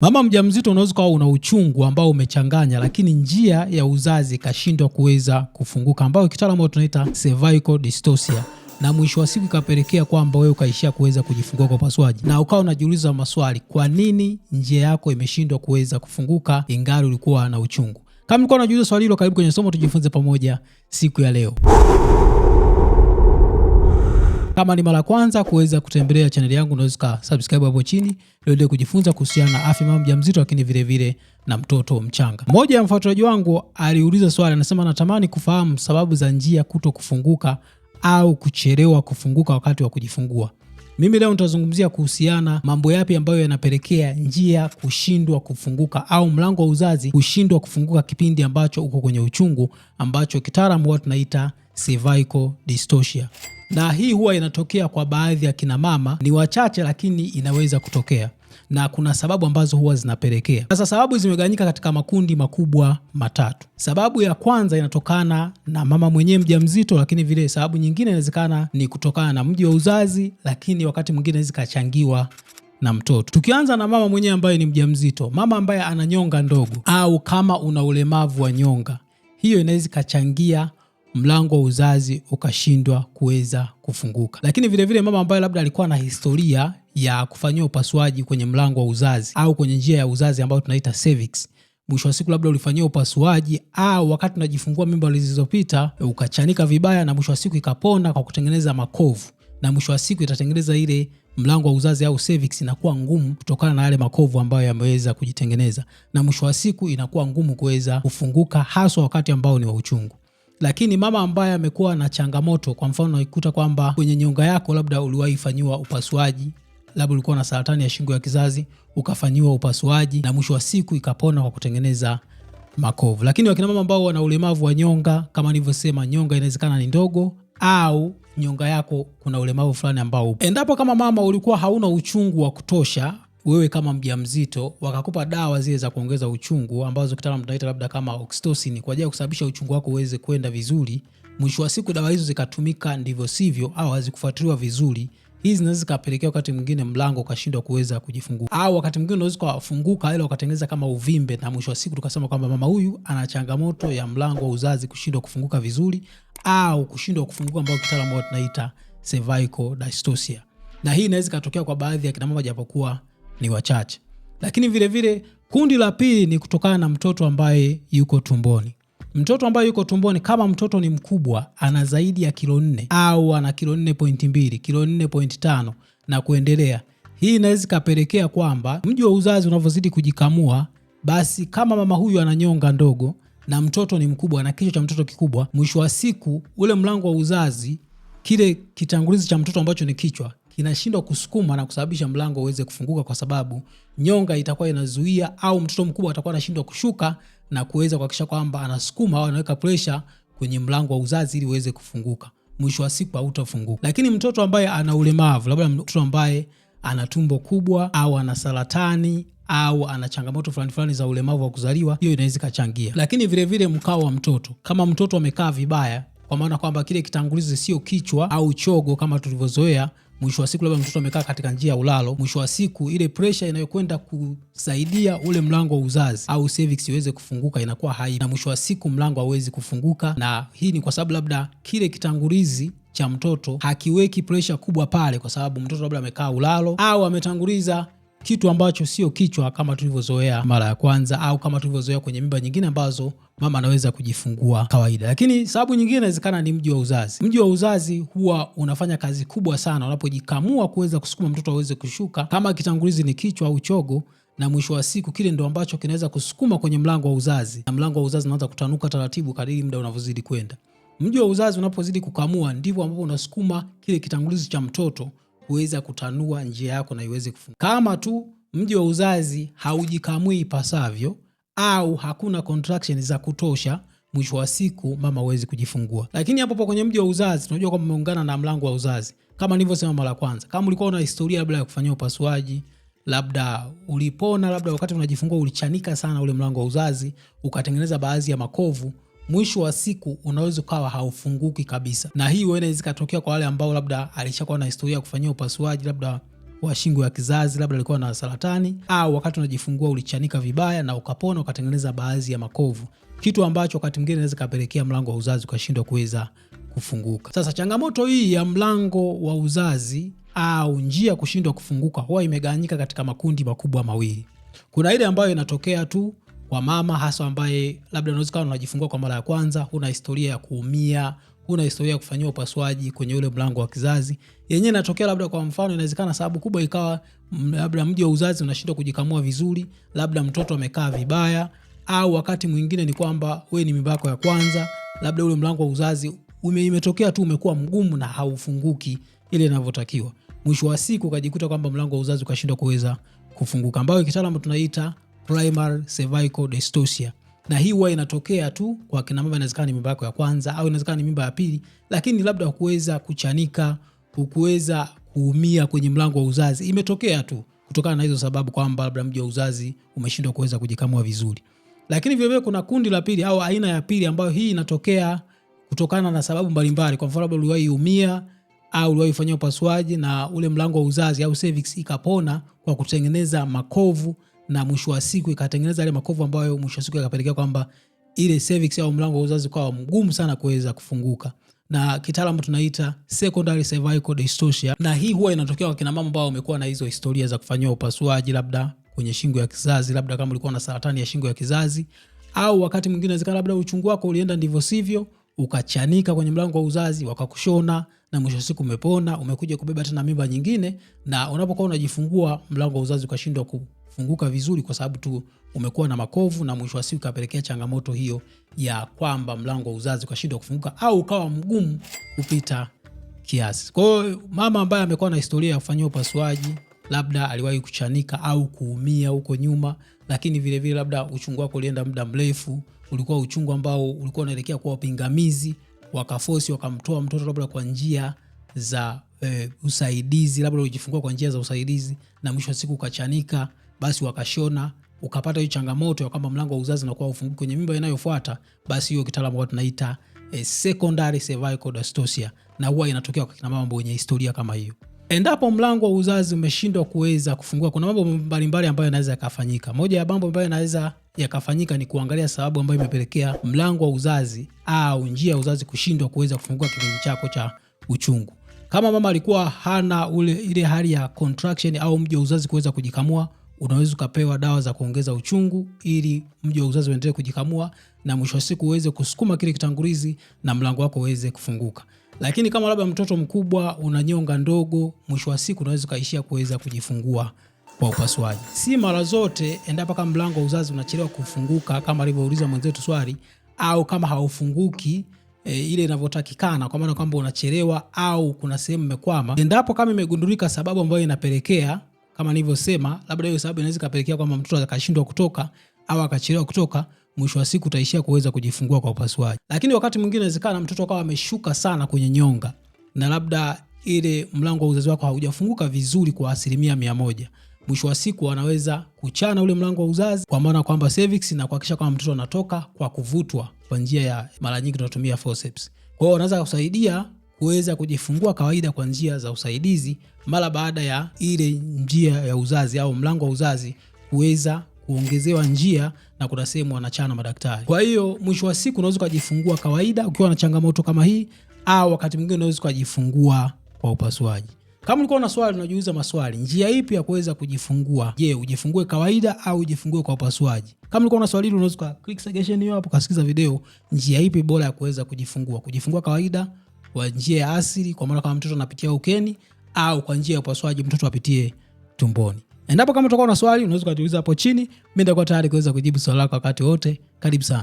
Mama mjamzito unaweza ukawa una uchungu ambao umechanganya, lakini njia ya uzazi ikashindwa kuweza kufunguka, ambayo kitaalamu tunaita cervical dystocia, na mwisho wa siku ikapelekea kwamba wewe ukaishia kuweza kujifungua kwa upasuaji, na ukawa unajiuliza maswali, kwa nini njia yako imeshindwa kuweza kufunguka ingali ulikuwa na uchungu? Kama ulikuwa unajiuliza swali hilo, karibu kwenye somo tujifunze pamoja siku ya leo. Kama ni mara kwanza kuweza kutembelea chaneli yangu, unaweza ka subscribe hapo chini ili kujifunza kuhusiana na afya mama mjamzito, lakini vile vile na mtoto mchanga. Mmoja ya mfuatiliaji wangu aliuliza swali, anasema natamani kufahamu sababu za njia kuto kufunguka au kuchelewa kufunguka wakati wa kujifungua. Mimi leo nitazungumzia kuhusiana mambo yapi ambayo yanapelekea njia kushindwa kufunguka au mlango wa uzazi kushindwa kufunguka kipindi ambacho uko kwenye uchungu ambacho kitaalamu huwa tunaita cervical dystocia na hii huwa inatokea kwa baadhi ya kina mama, ni wachache, lakini inaweza kutokea na kuna sababu ambazo huwa zinapelekea. Sasa sababu zimegawanyika katika makundi makubwa matatu. Sababu ya kwanza inatokana na mama mwenyewe mjamzito, lakini vile sababu nyingine inawezekana ni kutokana na mji wa uzazi, lakini wakati mwingine zikachangiwa na mtoto. Tukianza na mama mwenyewe ambaye ni mjamzito, mama ambaye ana nyonga ndogo au kama una ulemavu wa nyonga, hiyo inaweza ikachangia mlango wa uzazi ukashindwa kuweza kufunguka. Lakini vilevile mama ambaye labda alikuwa na historia ya kufanyiwa upasuaji kwenye mlango wa uzazi au kwenye njia ya uzazi ambayo tunaita cervix mwisho wa siku labda ulifanyia upasuaji au wakati unajifungua mimba zilizopita ukachanika vibaya, na mwisho wa siku ikapona kwa kutengeneza makovu, na mwisho wa siku itatengeneza ile mlango wa uzazi au cervix inakuwa ngumu kutokana na yale makovu ambayo yameweza kujitengeneza, na mwisho wa siku inakuwa ngumu kuweza kufunguka, haswa wakati ambao ni wa uchungu. Lakini mama ambaye amekuwa na changamoto, kwa mfano naikuta kwamba kwenye nyonga yako labda uliwahi fanyiwa upasuaji, labda ulikuwa na saratani ya shingo ya kizazi ukafanyiwa upasuaji na mwisho wa siku ikapona kwa kutengeneza makovu. Lakini wakina mama ambao wana ulemavu wa nyonga, kama nilivyosema, nyonga inawezekana ni ndogo au nyonga yako kuna ulemavu fulani ambao, endapo kama mama ulikuwa hauna uchungu wa kutosha wewe kama mja mzito wakakupa dawa zile za kuongeza uchungu ambazo kitaalamu tunaita labda kama oxytocin kwa ajili ya kusababisha uchungu wako uweze kwenda vizuri, mwisho wa siku dawa hizo zikatumika ndivyo sivyo, au hazikufuatiliwa vizuri, hizi zinaweza zikapelekea wakati mwingine mlango ukashindwa kuweza kujifungua, au wakati mwingine unaweza ukafunguka ila ukatengeneza kama uvimbe, na mwisho wa siku tukasema kwamba mama huyu ana changamoto ya mlango wa uzazi kushindwa kufunguka vizuri au kushindwa kufunguka, ambao kitaalamu tunaita cervical dystocia, na hii inaweza ikatokea kwa baadhi ya kinamama japokuwa ni wachache. Lakini vilevile kundi la pili ni kutokana na mtoto ambaye yuko tumboni. Mtoto ambaye yuko tumboni, kama mtoto ni mkubwa, ana zaidi ya kilo nne au ana kilo nne pointi mbili, kilo nne pointi tano na kuendelea, hii inaweza ikapelekea kwamba mji wa uzazi unavyozidi kujikamua, basi kama mama huyu ananyonga ndogo na mtoto ni mkubwa na kichwa cha mtoto kikubwa, mwisho wa siku ule mlango wa uzazi, kile kitangulizi cha mtoto ambacho ni kichwa inashindwa kusukuma na kusababisha mlango uweze kufunguka, kwa sababu nyonga itakuwa inazuia au mtoto mkubwa atakuwa anashindwa kushuka na kuweza kuhakikisha kwamba anasukuma au anaweka pressure kwenye mlango wa uzazi ili uweze kufunguka. Mwisho wa siku hautafunguka. Lakini mtoto ambaye ana ulemavu, labda mtoto ambaye ana tumbo kubwa au ana saratani au ana changamoto fulani fulani za ulemavu wa kuzaliwa, hiyo inaweza ikachangia. Lakini vilevile mkao wa mtoto, kama mtoto amekaa vibaya, kwa maana kwamba kile kitangulizi sio kichwa au chogo kama tulivyozoea, mwisho wa siku labda mtoto amekaa katika njia ya ulalo, mwisho wa siku ile pressure inayokwenda kusaidia ule mlango wa uzazi au cervix iweze kufunguka inakuwa hai, na mwisho wa siku mlango hauwezi kufunguka, na hii ni kwa sababu labda kile kitangulizi cha mtoto hakiweki pressure kubwa pale, kwa sababu mtoto labda amekaa ulalo au ametanguliza kitu ambacho sio kichwa kama tulivyozoea mara ya kwanza au kama tulivyozoea kwenye mimba nyingine ambazo mama anaweza kujifungua kawaida. Lakini sababu nyingine inawezekana ni mji wa uzazi. Mji wa uzazi huwa unafanya kazi kubwa sana unapojikamua kuweza kusukuma mtoto aweze kushuka. Kama kitangulizi ni kichwa au chogo, na mwisho wa siku kile ndo ambacho kinaweza kusukuma kwenye mlango wa uzazi, na mlango wa uzazi unaanza kutanuka taratibu kadiri muda unavyozidi kwenda. Mji wa uzazi unapozidi kukamua, ndivyo ambapo unasukuma kile kitangulizi cha mtoto kuweza kutanua njia yako na iweze kufunguka. Kama tu mji wa uzazi haujikamui ipasavyo au hakuna contraction za kutosha, mwisho wa siku mama hawezi kujifungua. Lakini hapo hapo kwenye mji wa uzazi tunajua kwamba umeungana na mlango wa uzazi, kama nilivyosema mara kwanza. Kama ulikuwa una historia labda ya kufanyia upasuaji, labda ulipona, labda wakati unajifungua ulichanika sana ule mlango wa uzazi, ukatengeneza baadhi ya makovu mwisho wa siku unaweza ukawa haufunguki kabisa, na hii huenda ikatokea kwa wale ambao labda alishakuwa na historia ya kufanyia upasuaji labda wa shingo ya kizazi, labda alikuwa na saratani, au wakati unajifungua ulichanika vibaya na ukapona ukatengeneza baadhi ya makovu, kitu ambacho wakati mwingine inaweza kapelekea mlango wa uzazi ukashindwa kuweza kufunguka. Sasa changamoto hii ya mlango wa uzazi au njia kushindwa kufunguka huwa imegawanyika katika makundi makubwa mawili. Kuna ile ambayo inatokea tu kwa mama hasa ambaye labda unaweza kawa unajifungua kwa mara ya kwanza, huna historia ya kuumia, huna historia ya kufanyiwa upasuaji kwenye ule mlango wa kizazi. Yenyewe inatokea labda, kwa mfano, inawezekana sababu kubwa ikawa labda mji wa uzazi unashindwa kujikamua vizuri, labda mtoto amekaa vibaya, au wakati mwingine ni kwamba wewe ni mimba yako ya kwanza, labda ule mlango wa uzazi ume, imetokea tu umekuwa mgumu na haufunguki ile inavyotakiwa. Mwisho wa siku ukajikuta kwamba mlango wa uzazi ukashindwa kuweza kufunguka, ambayo kitaalamu tunaita primary cervical dystocia, na hii huwa inatokea tu kwa kina mama. Inawezekana ni mimba yako ya kwanza au inawezekana ni mimba ya pili, lakini labda kuweza kuchanika, kuweza kuumia kwenye mlango wa uzazi, imetokea tu kutokana na hizo sababu, kwamba labda mji wa uzazi umeshindwa kuweza kujikamua vizuri. Lakini vile vile kuna kundi la pili au aina ya pili ambayo hii inatokea kutokana na sababu mbalimbali. Kwa mfano, labda uliwahi umia au uliwahi fanyia upasuaji na ule mlango wa uzazi au cervix ikapona kwa kutengeneza makovu na mwisho wa siku ikatengeneza yale makovu ambayo mwisho wa siku yakapelekea kwamba ile cervix au mlango wa uzazi kwa mgumu sana kuweza kufunguka na kitaalamu tunaita secondary cervical dystocia, na hii huwa inatokea kwa kina mama ambao wamekuwa na hizo historia za kufanyiwa upasuaji labda kwenye shingo ya kizazi, labda kama ulikuwa na saratani ya shingo ya kizazi, au wakati mwingine inawezekana labda uchungu wako ulienda ndivyo sivyo, ukachanika kwenye mlango wa uzazi, wakakushona na mwisho siku umepona, umekuja kubeba tena mimba nyingine, na unapokuwa unajifungua mlango wa uzazi ukashindwa kufunguka vizuri, kwa sababu tu umekuwa na makovu, na mwisho wa siku ikapelekea changamoto hiyo ya kwamba mlango wa uzazi ukashindwa kufunguka au ukawa mgumu kupita kiasi. Kwa hiyo mama ambaye amekuwa na historia ya kufanyiwa upasuaji, labda aliwahi kuchanika au kuumia huko nyuma, lakini vilevile vile labda uchungu wako ulienda muda mrefu, ulikuwa uchungu ambao ulikuwa unaelekea kuwa pingamizi, wakafosi wakamtoa mtoto labda kwa njia za e, usaidizi, labda ulijifungua kwa njia za usaidizi na mwisho wa siku ukachanika basi wakashona ukapata hiyo changamoto ya kwamba mlango wa uzazi unakuwa ufunguki kwenye mimba inayofuata, basi hiyo kitaalamu tunaita e, secondary cervical dystocia, na huwa inatokea kwa kina mama ambao wenye historia kama hiyo. Endapo mlango wa uzazi umeshindwa kuweza kufungua, kuna mambo mbalimbali ambayo yanaweza yakafanyika. Moja ya mambo ambayo yanaweza yakafanyika ni kuangalia sababu ambayo imepelekea mlango wa uzazi au njia ya uzazi kushindwa kuweza kufungua kipindi chako cha uchungu. Kama mama alikuwa hana ule ile hali ya contraction au mji wa uzazi kuweza kujikamua unaweza ukapewa dawa za kuongeza uchungu ili mji wa uzazi uendelee kujikamua na mwisho wa siku uweze kusukuma kile kitangulizi na mlango wako uweze kufunguka. Lakini kama labda mtoto mkubwa una nyonga ndogo, mwisho wa siku unaweza ukaishia kuweza kujifungua kwa upasuaji. Si mara zote endapo kama mlango wa uzazi unachelewa kufunguka kama alivyouliza mwenzetu swali, au kama haufunguki e, ile inavyotakikana, kwa maana kwamba unachelewa au kuna sehemu imekwama. Endapo kama imegundulika sababu ambayo inapelekea kama nilivyosema, labda hiyo sababu inaweza kapelekea kwamba mtoto akashindwa kutoka au akachelewa kutoka, mwisho wa siku utaishia kuweza kujifungua kwa upasuaji. Lakini wakati mwingine inawezekana mtoto akawa ameshuka sana kwenye nyonga na labda ile mlango wa uzazi wako haujafunguka vizuri kwa asilimia mia moja. Mwisho wa siku wanaweza kuchana ule mlango wa uzazi, kwa maana kwamba cervix na kuhakikisha kwamba mtoto anatoka kwa kuvutwa kwa njia ya, mara nyingi tunatumia forceps. Kwa hiyo anaweza kusaidia kuweza kujifungua kawaida kwa njia za usaidizi mara baada ya ile njia ya uzazi au mlango wa uzazi kuweza kuongezewa njia na kuna sehemu wanachana madaktari. Kwa hiyo mwisho wa siku unaweza ukajifungua kawaida ukiwa na changamoto kama hii, au wakati mwingine unaweza ukajifungua kwa upasuaji. Kama ulikuwa na swali unajiuliza maswali, njia ipi ya kuweza kujifungua? Je, ujifungue kawaida au ujifungue kwa upasuaji? Kama ulikuwa na swali hilo, unaweza click suggestion hiyo hapo, kasikiza video, njia ipi bora ya kuweza kujifungua, kujifungua kawaida kwa njia ya asili, kwa maana kama mtoto anapitia ukeni au kwa njia ya upasuaji mtoto apitie tumboni. Endapo kama utakuwa na swali, unaweza kutuuliza hapo chini. Mimi nitakuwa tayari kuweza kujibu swali lako wakati wote. Karibu sana.